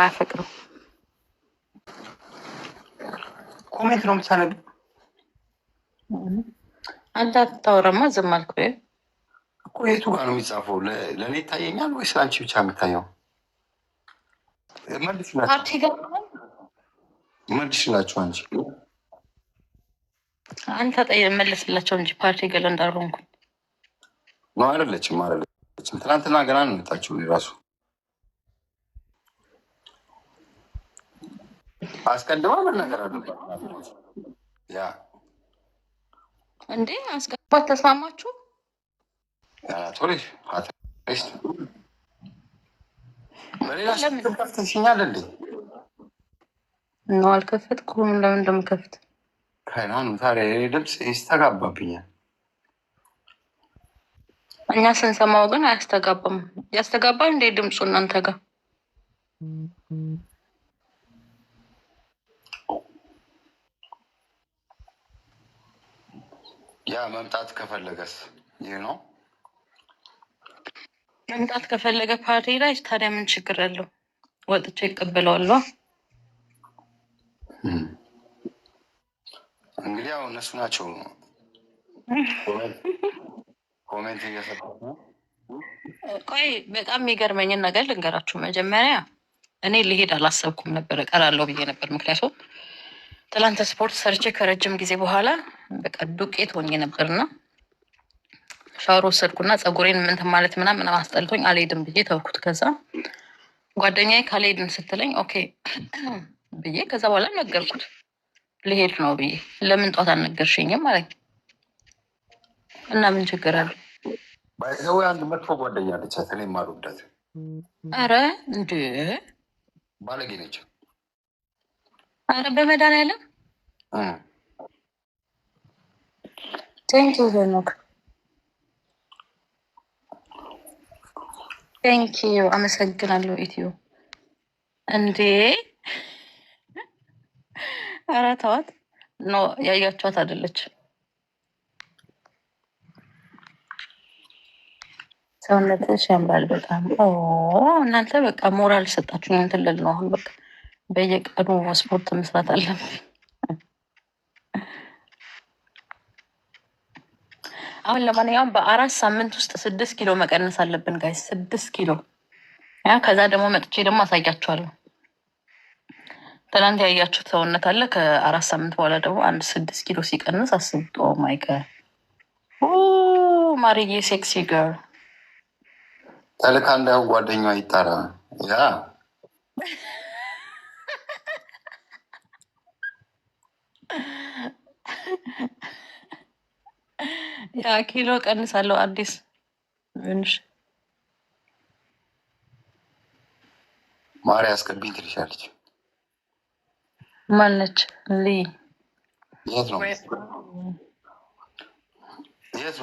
የማያፈቅረው ኮሜንት ነው የምታነብ። አንተ አታወራማ ዝም አልኩ እኮ። የቱ ጋር ነው የሚጻፈው? ለእኔ ይታየኛል ወይስ አንቺ ብቻ የምታየው? መልስላቸው አንቺ አንተ መለስላቸው እንጂ ፓርቲ ገለ እንዳልሆንኩ ነው። አይደለችም አይደለችም። ትናንትና ገና ነው የመጣችው ራሱ አስቀድማ መናገር ያ እንዴ ተስማማችሁ። በሌላ ከፍተሽኛል እንዴ? ነው አልከፈትኩም። ለምን እንደምከፍት ታዲያ ድምፅ ይስተጋባብኛል። እኛ ስንሰማው ግን አያስተጋባም። ያስተጋባል እንዴ ድምፁ እናንተ ጋር ያ መምጣት ከፈለገስ ይህ ነው። መምጣት ከፈለገ ፓርቲ ላይ ታዲያ ምን ችግር አለው? ወጥቼ ይቀበለዋሉ። እንግዲህ ያው እነሱ ናቸው ኮሜንት እየሰጡ ቆይ በጣም የሚገርመኝን ነገር ልንገራችሁ። መጀመሪያ እኔ ልሄድ አላሰብኩም ነበር፣ እቀራለሁ ብዬ ነበር ምክንያቱም ትላንት ስፖርት ሰርቼ ከረጅም ጊዜ በኋላ በቃ ዱቄት ሆኜ ነበርና ሻወር ወሰድኩና ፀጉሬን ምንት ማለት ምናምን አስጠልቶኝ አልሄድም ብዬ ተውኩት። ከዛ ጓደኛዬ ካልሄድን ስትለኝ ኦኬ ብዬ ከዛ በኋላ ነገርኩት ልሄድ ነው ብዬ። ለምን ጠዋት አልነገርሽኝም ማለት እና ምን ችግር አለ? ባይዘዌ አንድ መጥፎ ጓደኛ አለቻት፣ እኔ ማልወዳት። አረ እንዴ ባለጌ ነች አረ በመድኃኒዓለም ቴንክ ሄኖክ አመሰግናለሁ። ኢትዮ እንዴ አረ ተዋት። ኖ ያያችኋት አይደለች። ሰውነትሽ ያምራል በጣም እናንተ በቃ ሞራል ሰጣችሁ። እንትን ልል ነው አሁን በቃ በየቀኑ ስፖርት መስራት አለብን። አሁን ለማንኛውም በአራት ሳምንት ውስጥ ስድስት ኪሎ መቀነስ አለብን ጋይ ስድስት ኪሎ ያ ከዛ ደግሞ መጥቼ ደግሞ አሳያችኋለሁ። ትናንት ያያችሁት ሰውነት አለ። ከአራት ሳምንት በኋላ ደግሞ አንድ ስድስት ኪሎ ሲቀንስ አስብጦ ማይቀ oh ማርዬ ሴክሲ ገር ተልካ እንዳይሆን ጓደኛ ይጠራ ያ ያ ኪሎ ቀንሳለሁ። አዲስ ትንሽ ማሪ አስገብኝ ትልሻለች። ማነች? ልይ የት ነው የት ነው የምትገቢው? የት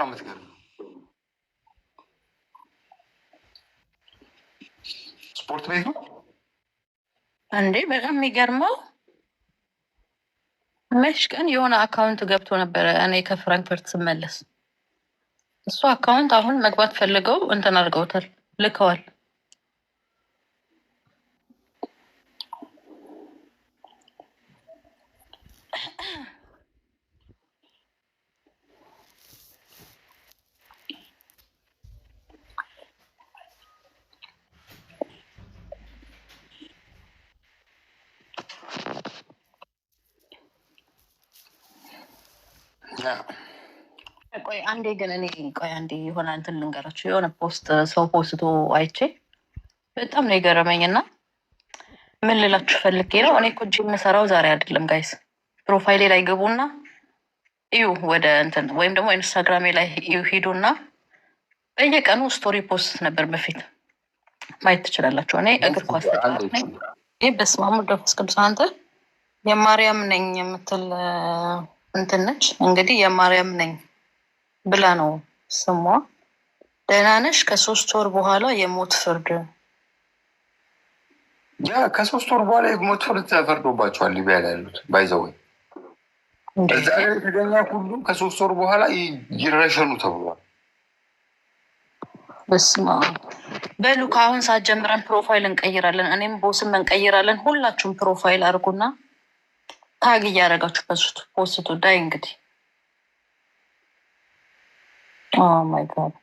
ነው የምትገቢው? ስፖርት ቤት ነው አንዴ በጣም የሚገርመው መሽ ቀን የሆነ አካውንት ገብቶ ነበረ። እኔ ከፍራንክፈርት ስመለስ እሱ አካውንት አሁን መግባት ፈልገው እንትን አድርገውታል፣ ልከዋል። ቆይ አንዴ ግን እኔ ቆይ አንዴ የሆነ እንትን ልንገራቸው። የሆነ ፖስት ሰው ፖስቶ አይቼ በጣም ነው የገረመኝ እና ምን ልላችሁ ፈልጌ ነው። እኔ እኮ ጂም የምሰራው ዛሬ አይደለም ጋይስ። ፕሮፋይሌ ላይ ግቡና እዩ፣ ወደ እንትን ወይም ደግሞ ኢንስታግራሜ ላይ እዩ ሂዱና፣ በየቀኑ ስቶሪ ፖስት ነበር በፊት ማየት ትችላላችሁ። እኔ እግር ኳስ ተጫዋች ነኝ። ይህ በስመ አብ ወመንፈስ ቅዱስ አንተ የማርያም ነኝ የምትል እንትን እንግዲህ የማርያም ነኝ ብላ ነው ስሟ። ደህና ነሽ? ከሶስት ወር በኋላ የሞት ፍርድ ከሶስት ወር በኋላ የሞት ፍርድ ተፈርዶባቸዋል። ሊቢያ ላይ ያሉት ባይዘወይ እዛ ላይ ሁሉ ከሶስት ወር በኋላ ይረሸኑ ተብሏል። በስማ በሉ ከአሁን ሰዓት ጀምረን ፕሮፋይል እንቀይራለን። እኔም ቦስም እንቀይራለን። ሁላችሁም ፕሮፋይል አድርጉና ታግ እያደረጋችሁበት ሽቱ ፖስት ዳይ እንግዲህ ማይ oh ጋድ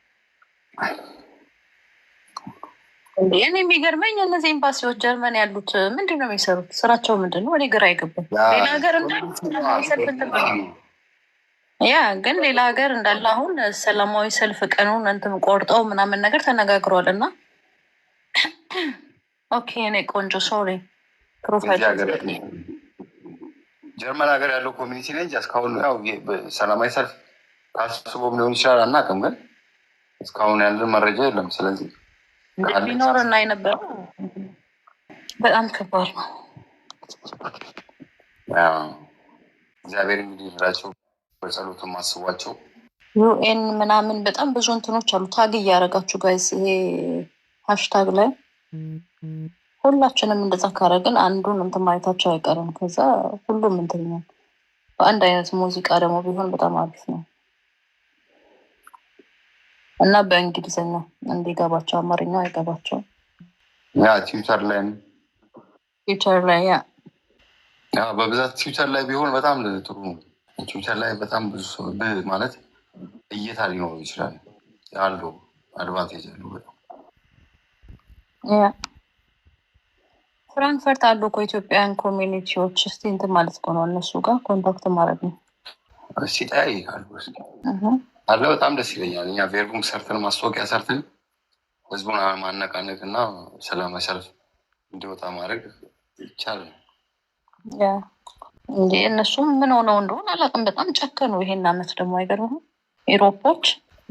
እኔ የሚገርመኝ እነዚህ ኤምባሲዎች ጀርመን ያሉት ምንድን ነው የሚሰሩት? ስራቸው ምንድን ነው? እኔ ግራ አይገባም። ሌላ ሀገር ያ ግን ሌላ ሀገር እንዳለ አሁን ሰላማዊ ሰልፍ ቀኑን እንትም ቆርጠው ምናምን ነገር ተነጋግሯል። እና ኦኬ እኔ ቆንጆ ሶሪ ፕሮፋይል ጀርመን ሀገር ያለው ኮሚኒቲ ነ እስካሁን ያው ሰላማዊ ሰልፍ ታስቦም ሊሆን ይችላል አናውቅም፣ ግን እስካሁን ያለ መረጃ የለም። ስለዚህ ቢኖር እና የነበረ በጣም ከባድ ነው። እግዚአብሔር እንግዲህ ላቸው በጸሎት ማስቧቸው ዩኤን ምናምን በጣም ብዙ እንትኖች አሉ። ታግ እያደረጋችሁ ጋይስ ይሄ ሀሽታግ ላይ ሁላችንም እንደዛ ካረግን አንዱን እንትን ማለታቸው አይቀርም። ከዛ ሁሉም እንትን በአንድ አይነት ሙዚቃ ደግሞ ቢሆን በጣም አሪፍ ነው እና በእንግሊዝኛ እንዲገባቸው አማርኛ አይገባቸው ትዊተር ላይ ትዊተር ላይ ያ በብዛት ትዊተር ላይ ቢሆን በጣም ጥሩ ነው። ትዊተር ላይ በጣም ብዙ ሰው ማለት እይታ ሊኖሩ ይችላል። አሉ አድቫንቴጅ አሉ በጣም ፍራንክፈርት አሉ እኮ ኢትዮጵያን ኮሚኒቲዎች። እስቲ እንትን ማለት እኮ ነው እነሱ ጋር ኮንታክት ማለት ነው። እስቲ አለ በጣም ደስ ይለኛል። እኛ ቬርቡም ሰርተን ማስታወቂያ ሰርተን ህዝቡን ማነቃነቅ እና ሰላማዊ ሰልፍ እንዲወጣ ማድረግ ይቻላል። እንዲ እነሱም ምን ሆነው እንደሆን አላውቅም። በጣም ጨከኑ። ይሄን አመት ደግሞ አይገርምህም? ኤሮፖች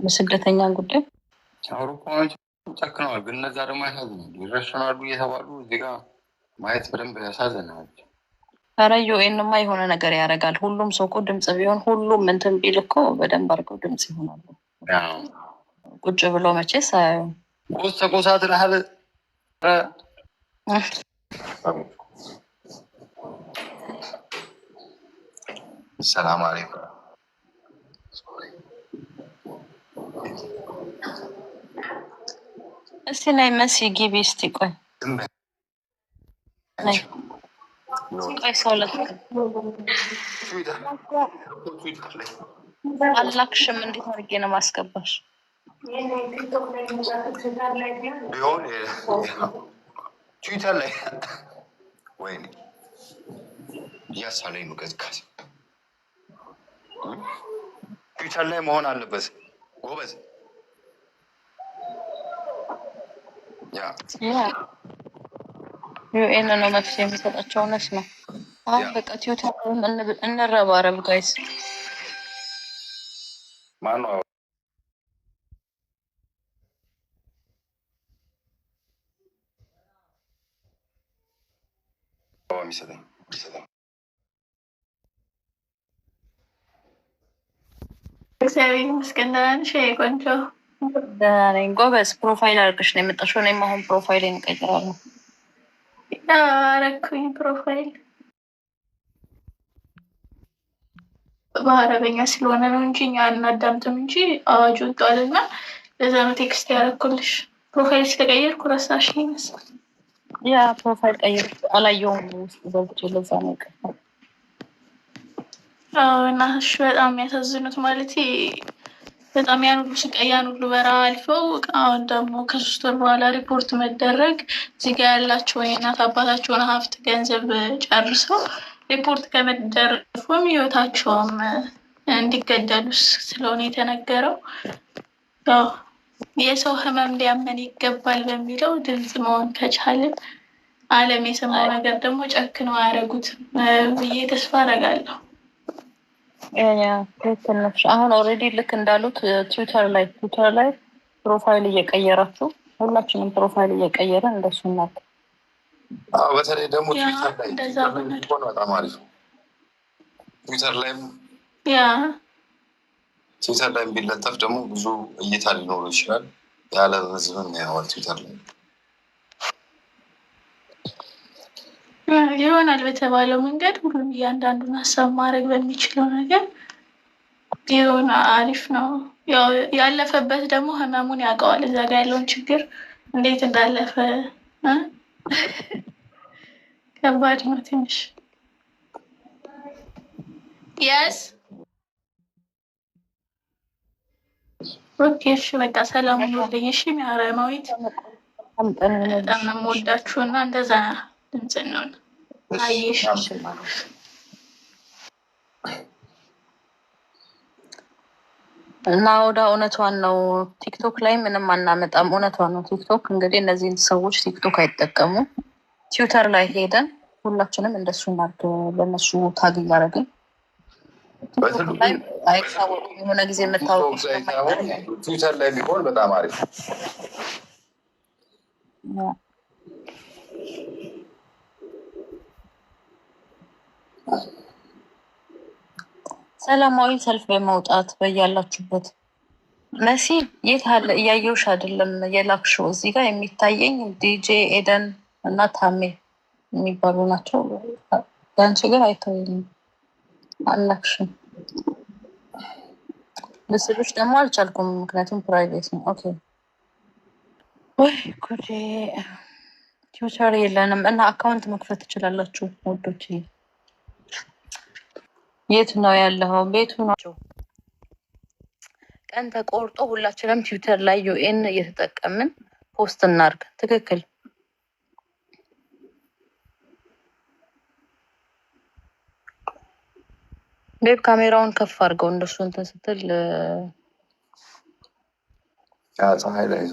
በስደተኛ ጉዳይ አውሮፓኖች ጨክነዋል። ግን እነዛ ደግሞ ያሳዝናሉ፣ ይረሸናሉ እየተባሉ እዚህ ጋ ማየት በደንብ ያሳዝናል። ኧረ ዩኤንማ የሆነ ነገር ያደርጋል። ሁሉም ሰው እኮ ድምፅ ቢሆን ሁሉም እንትን ቢል እኮ በደንብ አድርገው ድምፅ ይሆናሉ። ቁጭ ብሎ መቼ ቁስ ተቆሳ ትልሃል። ሰላም አለይኩም እስቲ ናይ መሲ ጊቢ እስቲ ቆይ ናቸው። አላክሽም። እንዴት አድርጌ ነው ማስገባሽ? ትዊተር ላይ ወይኔ እያሳለኝ ነው። ገዝጋዜ ትዊተር ላይ መሆን አለበት ጎበዝ Uno ነው መፍትሄ የሚሰጣቸው እውነት ነው። አሁን በቃ ቲዩተር እንረባረብ ጋይስ። ማነው የሚሰጠኝ? እግዚአብሔር ይመስገን ደህና ነሽ የእኔ ቆንጆ? ደህና ነኝ ጎበዝ። ፕሮፋይል አድርገሽ ነው የመጣሽው። እኔም አሁን ፕሮፋይል እንቀይራለሁ። አረኩኝ ፕሮፋይል በአረበኛ ስለሆነ ነው እንጂ እኛ እናዳምጥም እንጂ አዋጅ ወጧልና ለዛ ነው ቴክስት ያደረኩልሽ። ፕሮፋይል ስለቀየርኩ ረሳሽ ይመስል ያ ፕሮፋይል ቀይር አላየውም ውስጥ ገብቼ ለዛ ነው ይቀፋል እና በጣም የሚያሳዝኑት ማለት በጣም ያን ስቃያን ሁሉ አልፈው አሁን ደግሞ ከሶስት ወር በኋላ ሪፖርት መደረግ እዚጋ ያላቸው የእናት አባታቸውን ሀብት ገንዘብ ጨርሰው ሪፖርት ከመደረፉም ህይወታቸውም እንዲገደሉ ስለሆነ የተነገረው የሰው ህመም ሊያመን ይገባል በሚለው ድምፅ መሆን ከቻልን ዓለም የሰማው ነገር ደግሞ ጨክነው አያደርጉትም ብዬ ተስፋ አደርጋለሁ። ትክክል ነሽ። አሁን ኦልሬዲ ልክ እንዳሉት ትዊተር ላይ ትዊተር ላይ ፕሮፋይል እየቀየራችሁ ሁላችንም ፕሮፋይል እየቀየረ እንደሱ እናት በተለይ ደግሞ ትዊተር ላይ ሆነ ትዊተር ላይም ትዊተር ላይም ቢለጠፍ ደግሞ ብዙ እይታ ሊኖሩ ይችላል። ያለ ህዝብን ያዋል ትዊተር ላይ ይሆናል በተባለው መንገድ ሁሉም እያንዳንዱን ሀሳብ ማድረግ በሚችለው ነገር የሆነ አሪፍ ነው። ያለፈበት ደግሞ ህመሙን ያውቀዋል። እዛ ጋ ያለውን ችግር እንዴት እንዳለፈ ከባድ ነው ትንሽ የስ ኦኬ እሺ፣ በቃ ሰላም ሁኑልኝ። እሺ፣ ሚያረማዊት በጣም ነው የምወዳችሁ እና እንደዛ እንጽናለን። እና ወደ እውነቷን ነው። ቲክቶክ ላይ ምንም አናመጣም። እውነቷ ነው። ቲክቶክ እንግዲህ እነዚህን ሰዎች ቲክቶክ አይጠቀሙ። ትዊተር ላይ ሄደን ሁላችንም እንደሱ እናድርግ። በእነሱ ታግ እያደረግን የሆነ ጊዜ የምታወቁ ትዊተር ላይ ቢሆን በጣም አሪፍ ሰላማዊ ሰልፍ በመውጣት በያላችሁበት መሲ የት ያለ እያየውሽ አይደለም የላክሽው። እዚህ ጋር የሚታየኝ ዲጄ ኤደን እና ታሜ የሚባሉ ናቸው። ያንቺ ግን አይታየኝም፣ አላክሽም። ምስሎች ደግሞ አልቻልኩም፣ ምክንያቱም ፕራይቬት ነው። ኦኬ ወይ ጉዴ! ቲዩተር የለንም እና አካውንት መክፈት ትችላላችሁ ወዶች የት ነው ያለው ቤቱ ናቸው። ቀን ተቆርጦ ሁላችንም ትዊተር ላይ ዩኤን እየተጠቀምን ፖስት እናርግ። ትክክል። ቤብ ካሜራውን ከፍ አድርገው እንደሱ እንትን ስትል ፀሐይ ላይ